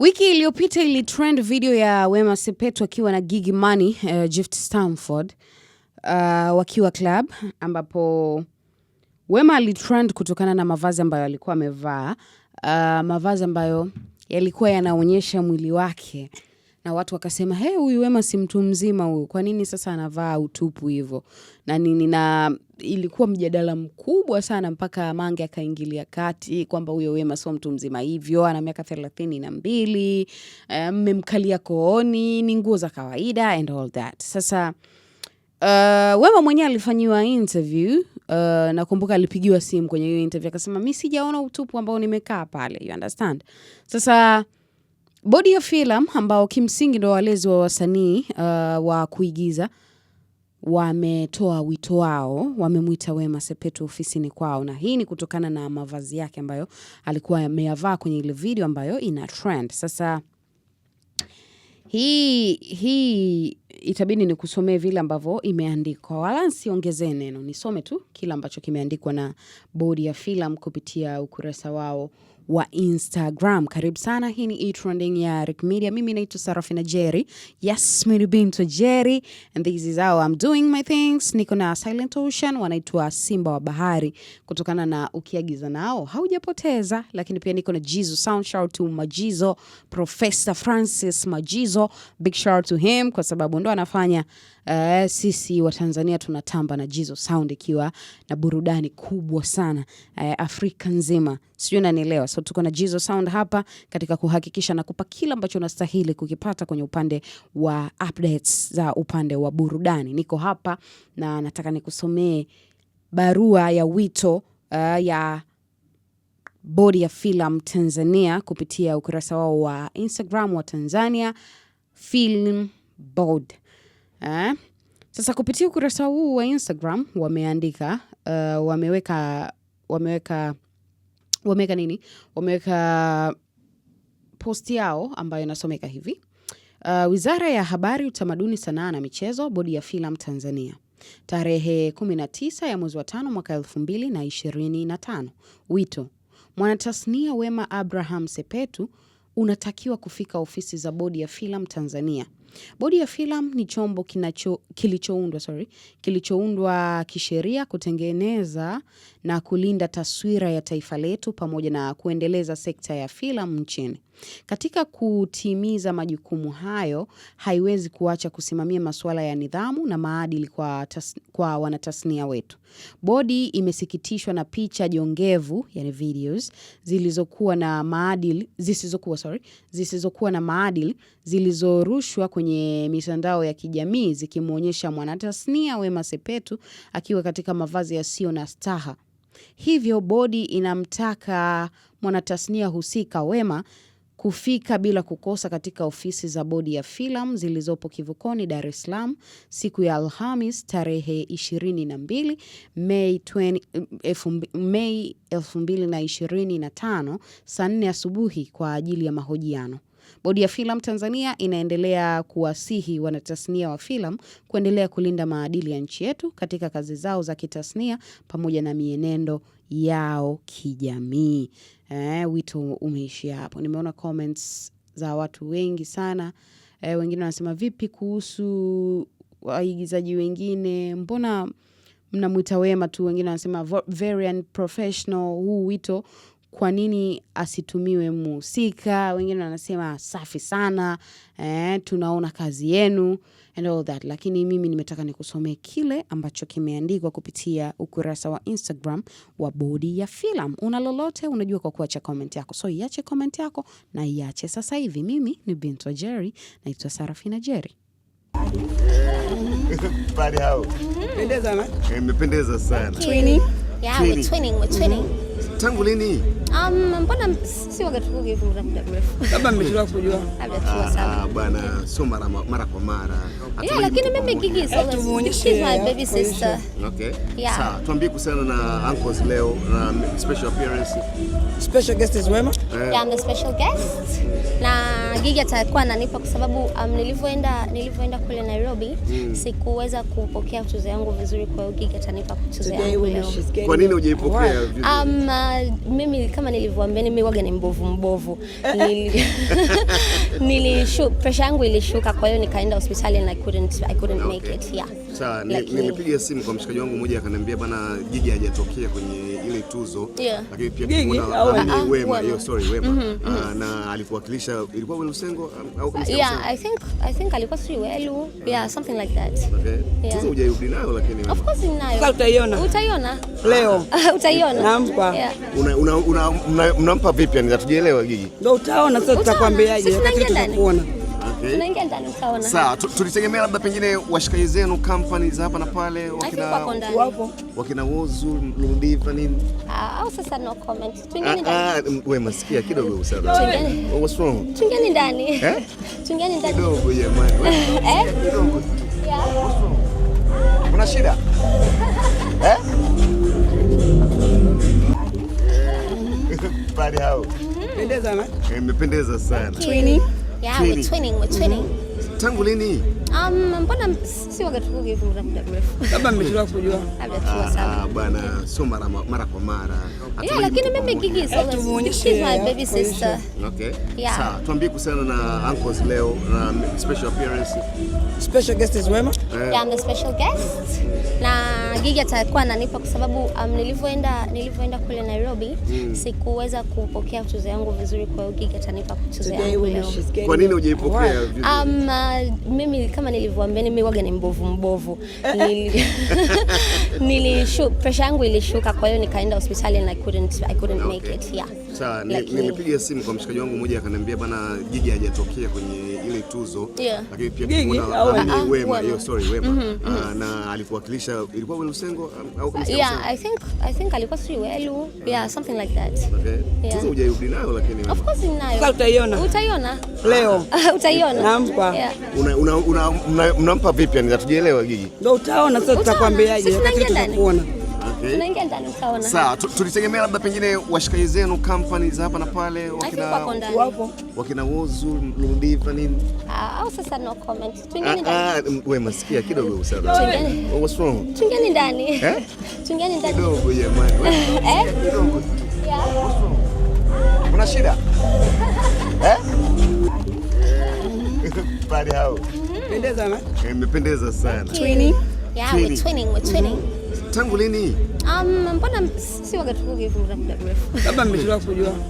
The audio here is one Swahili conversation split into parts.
Wiki iliyopita ili trend video ya Wema Sepetu akiwa na gig Money, uh, Gift Stamford uh, ah, wakiwa club ambapo Wema alitrend kutokana na mavazi ambayo alikuwa amevaa, uh, mavazi ambayo yalikuwa yanaonyesha mwili wake na watu wakasema, he, huyu Wema si mtu mzima huyu, kwa nini sasa anavaa utupu hivyo na nini na ilikuwa mjadala mkubwa sana mpaka Mange akaingilia kati kwamba huyo Wema sio mtu mzima hivyo, ana miaka thelathini na mbili, eh, mmemkalia kooni, ni nguo za kawaida and all that. Sasa uh, Wema mwenyewe alifanyiwa interview uh, eh, nakumbuka alipigiwa simu kwenye hiyo interview akasema, mi sijaona utupu ambao nimekaa pale, you understand. Sasa bodi ya filamu ambao kimsingi ndo walezi wa wasanii uh, wa kuigiza uh, wametoa wito wao, wamemwita Wema Sepetu ofisini kwao, na hii ni kutokana na mavazi yake ambayo alikuwa ameyavaa kwenye ile video ambayo ina trend sasa. Hii hii itabidi ni kusomee vile ambavyo imeandikwa, wala siongezee neno, nisome tu kile ambacho kimeandikwa na bodi ya filamu kupitia ukurasa wao wa Instagram. Karibu sana, hii ni e-trending ya Rick Media. Mimi naitwa Sarafina Jerry. Yes, mimi bintu Jerry and this is how I'm doing my things. Niko na Silent Ocean wanaitwa Simba wa Bahari kutokana na ukiagiza nao haujapoteza, lakini pia niko na Jizo Sound, shout to Majizo, Professor Francis Majizo, big shout to him kwa sababu ndo anafanya uh, sisi Watanzania tunatamba na Jizo Sound ikiwa na burudani kubwa sana uh, Afrika nzima, sijui nanielewa. So tuko na Jizo Sound hapa katika kuhakikisha na kupa kila ambacho unastahili kukipata kwenye upande wa updates za upande wa burudani. Niko hapa na nataka nikusomee barua ya wito uh, ya Bodi ya Filamu Tanzania kupitia ukurasa wao wa Instagram wa Tanzania Film Board eh? Sasa kupitia ukurasa huu wa Instagram wameandika uh, wameweka wameweka wameweka nini? Wameweka posti yao ambayo inasomeka hivi uh, Wizara ya Habari, Utamaduni, Sanaa na Michezo, Bodi ya filam Tanzania tarehe 19 ya mwezi wa tano mwaka elfu na Wito: mwanatasnia Wema Abraham Sepetu unatakiwa kufika ofisi za Bodi ya filam Tanzania Bodi ya filamu ni chombo kinacho, kilichoundwa, sorry, kilichoundwa kisheria kutengeneza na kulinda taswira ya taifa letu pamoja na kuendeleza sekta ya filamu nchini. Katika kutimiza majukumu hayo, haiwezi kuacha kusimamia masuala ya nidhamu na maadili kwa, tas, kwa wanatasnia wetu. Bodi imesikitishwa na picha jongevu, yani videos, zilizokuwa na maadili, zisizokuwa, sorry, zisizokuwa na maadili, zilizorushwa kwenye mitandao ya kijamii zikimwonyesha mwanatasnia Wema Sepetu akiwa katika mavazi yasiyo na staha. Hivyo bodi inamtaka mwanatasnia husika Wema kufika bila kukosa katika ofisi za bodi ya filamu zilizopo Kivukoni, Dar es Salaam siku ya Alhamis tarehe 22 Mei 2025 saa 4 asubuhi kwa ajili ya mahojiano. Bodi ya filam Tanzania inaendelea kuwasihi wanatasnia wa filam kuendelea kulinda maadili ya nchi yetu katika kazi zao za kitasnia pamoja na mienendo yao kijamii. Eh, wito umeishia hapo. Nimeona comments za watu wengi sana. Eh, wengine wanasema vipi kuhusu waigizaji wengine, mbona mnamwita Wema tu? Wengine wanasema very professional huu wito kwa nini asitumiwe muhusika? Wengine wanasema safi sana eh, tunaona kazi yenu and all that, lakini mimi nimetaka nikusomee kile ambacho kimeandikwa kupitia ukurasa wa Instagram wa bodi ya filam Una lolote, unajua kwa kuacha comment yako, so iache comment yako na iache sasa hivi. Mimi ni bintwa wa Jerry, naitwa Sarafina Jerry. Tangu lini? Um, mbona si waga tukuki hivi muda mrefu. Labda mmetoka kujua. Ah, Bwana sio mara mara kwa mara. Yeah, lakini mimi Gigi is always my baby sister. Okay. Yeah. Sawa, tuambie kuhusiana na uncles leo na special appearance. Special guest is Wema? Yeah, yeah I'm the special guest. Na Gigi atakuwa ananipa kwa sababu um, nilivyoenda nilivyoenda kule Nairobi mm. sikuweza kupokea tuzo yangu vizuri kwa hiyo Gigi atanipa tuzo yangu leo. Kwa nini hujaipokea? Um, kama mimi kama nilivyoambia mimi waga ni mbovu mbovu. Nili, pressure yangu ilishuka, kwa hiyo nikaenda hospitali and I couldn't, I couldn't okay. make it yeah. Sawa, nilipiga simu kwa mshikaji wangu mmoja akaniambia bana jiji hajatokea kwenye tuzo yeah. Lakini pia tumeona Wema, hiyo sorry Wema mm -hmm. na alikuwakilisha ilikuwa Welu Sengo um, au kama yeah, I think I think alikuwa si Welu yeah something like that okay. yeah. Tuzo hujairudi nayo lakini of course ninayo, utaiona utaiona leo utaiona nampa yeah. una, una, una, mnampa vipi? Anaweza tujielewa gigi ndio utaona sasa, tutakwambiaje wakati tutakuona tunaingia ndani utaona. Sawa, tulitegemea labda pengine washikaji zenu company za hapa na pale wakina wakina Wozu Ludiva nini? Ah, au sasa no comment. Tuingieni ah, ndani. Ah, Wewe masikia kidogo usada. What's wrong? Tuingieni ndani. Eh? Tuingieni ndani. Kidogo jamani. Eh? Kidogo. Yeah. Kuna shida? Eh? eh. Bali hao. Pendeza na? Eh? Imependeza eh, sana. Twini. Yeah, we're twinning, we're twinning. Tangu lini? Um, mbona si waga tukuki hivi muda mrefu. Labda mmetoka kujua. Labda tu sana. Ah, bwana sio mara mara kwa mara. Yeah, lakini mimi Gigy is always my baby sister. Okay. Yeah. Sawa, tuambie kuhusiana na uncles leo na special appearance. Special guest is Wema? Eh. Yeah, I'm the special guest. Na Gigi atakuwa ananipa kwa sababu um, nilivyoenda nilivyoenda kule Nairobi mm. sikuweza kupokea tuzo yangu vizuri kwa hiyo Gigy atanipa tuzo yangu leo. Kwa nini hujaipokea? Um, kama mimi kama nilivyoambia, mimi waga ni mbovu mbovu Nili... pressure yangu ilishuka, kwa hiyo nikaenda hospitali and I couldn't I couldn't okay. make it yeah. Sawa, nimepiga simu kwa mshikaji wangu mmoja akaniambia bana, Gigy hajatokea kwenye ile tuzo yeah. Lakini pia tumeona ah, ah, Wema, hiyo sorry Wema mm -hmm. mm -hmm. na alikuwakilisha ilikuwa Welu Sengo um, au kama yeah, I think I think alikuwa si Welu yeah something like that okay. yeah. Tuzo hujairudi nayo lakini of course ninayo, sasa utaiona utaiona leo utaiona nampa yeah. una, una, una, mnampa vipi? Anatujielewa Gigy, ndio utaona sasa, tutakwambiaje Sawa, tulitegemea labda pengine washikaji zenu kampani za hapa na pale wakina wakina Wozu Ludiva nini? Ah, au sasa no comment. Tuingieni ah, ndani. Wewe ah, masikia kidogo usada. What's wrong? ndani. Eh? Tuingieni ndani. Kidogo jamani. Eh? Kidogo. Yeah. Kuna shida? Eh? eh. Pendeza na? Imependeza eh, sana. Twinning. Yeah, we're twinning, we're mm-hmm. twinning. Tangu lini? Um, mbona si wakatukuki muda mrefu. Labda nimechelewa kujua.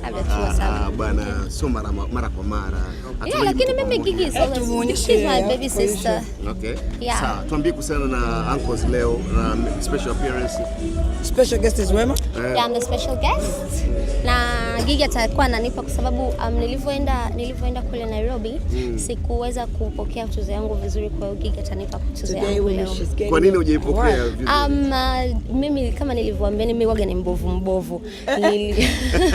Ah, ah, bwana, sio mara mara kwa mara. Yeah, lakini mimi gigi Gigy tumuonyeshe. my baby sister. Okay. Yeah. Sawa, tuambie kuhusiana na Uncles leo na special appearance. Special guest is Wema. Eh. ya I'm the special guest na gigi atakuwa ananipa kwa sababu um, nilivyoenda nilivyoenda kule Nairobi mm. sikuweza kupokea tuzo yangu vizuri, kwa hiyo Gigy atanipa tuzo yangu leo. Kwa nini hujaipokea vizuri? Um, uh, mimi kama nilivyoambia, mimi waga ni mbovu mbovu nili,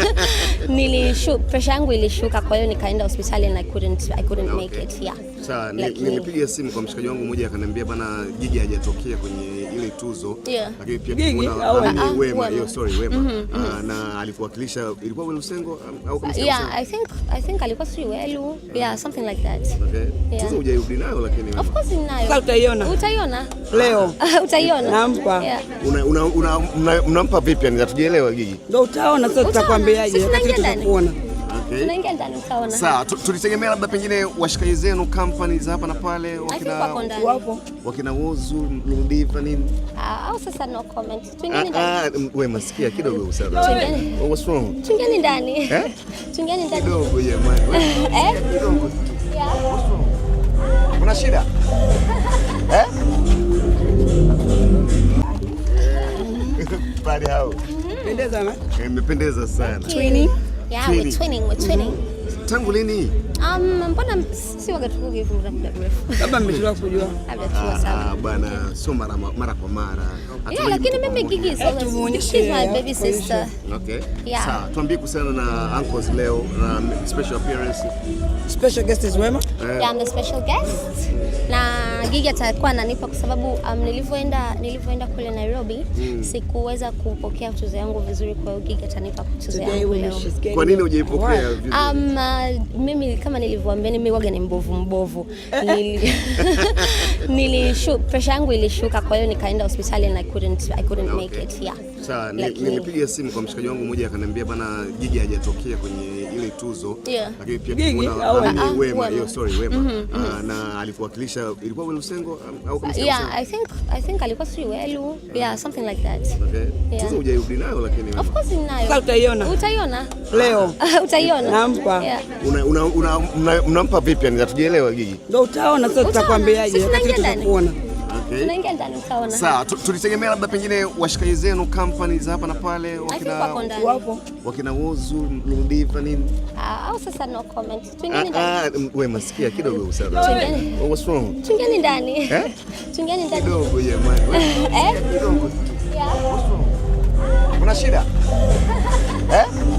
nili presha yangu ilishuka, kwa hiyo nikaenda hospitali and I couldn't, I couldn't okay. make it yeah sawa. Nilipiga simu kwa mshikaji wangu mmoja akaniambia bana, Gigi hajatokea kwenye ile tuzo, lakini pia tumeona ah, Wema, hiyo sorry, Wema mm-hmm, ah, mm-hmm. na alikuwakilisha, ilikuwa Welu Sengo um, au kama yeah, I think I think alikuwa si Welu, yeah something like that. Okay, tuzo hujairudi nayo lakini of course ninayo, utaiona utaiona leo, utaiona nampa. Una unampa vipi? Ni tatujielewa Gigi, ndio utaona sasa, tutakwambiaje wakati tutakuona Okay. Sawa, tulitegemea labda pengine washikaji zenu company za hapa na pale wakina Wozu Mludiva nini? Ah, au sasa no comment. Tuingieni ah, ndani. Wewe ah, masikia kidogo sana. Tuingieni. Oh, what's wrong? Tuingieni ndani. Eh? Tuingieni ndani. Kidogo jamani. Eh? Kuna shida? Eh? Bari hao. Pendeza eh, Imependeza sana. Twinning. Yeah, we're twinning, we're mm-hmm. twinning. Tangu lini? Um, mbona si wakati huu hivi muda mrefu? Labda nimechelewa kujua. Ah, bwana, sio mara mara kwa mara. Yeah, lakini mimi gigi gigizo. tumuonyeshe. my baby sister. Okay. Yeah. Sawa, tuambie kuhusiana na uncles leo na special appearance. Special guest is Wema? Eh. Yeah, I'm the special guest. Na magigi Gigi atakuwa ananipa kwa sababu um, nilivyoenda nilivyoenda kule Nairobi mm. sikuweza kupokea tuzo yangu vizuri, kwa hiyo Gigi atanipa tuzo yangu leo. Kwa nini hujaipokea vizuri? Um, uh, mimi kama nilivyoambia, mimi waga ni mbovu mbovu nili, nilishu, pressure yangu ilishuka, kwa hiyo nikaenda hospitali and I couldn't, I couldn't okay. make it yeah. Sawa, nilipiga simu kwa mshikaji wangu mmoja akaniambia bana, Gigi hajatokea kwenye ile tuzo yeah. Lakini pia tumeona ah, Wema, hiyo sorry Wema mm -hmm, mm -hmm. na alikuwakilisha ilikuwa Welu Sengo au kama yeah, I think I think alikuwa si Welu yeah something like that okay. yeah. Tuzo hujairudi nayo lakini of course ninayo, utaiona utaiona leo utaiona nampa yeah. una, una, una, mnampa vipi? Ni tatujielewa Gigi, ndio utaona sasa, tutakwambiaje wakati tutakuona Okay. Sawa, tulitegemea labda pengine washikaji zenu company za hapa na pale wakina Wozu Mludiva nini? Ah, au sasa no comment. Tuingeni ah, ndani. Wewe ah, masikia kidogo oh, What's wrong? ndani. Eh? ndani. Kidogo jamani. Eh? Kidogo. Yeah. shida? Eh?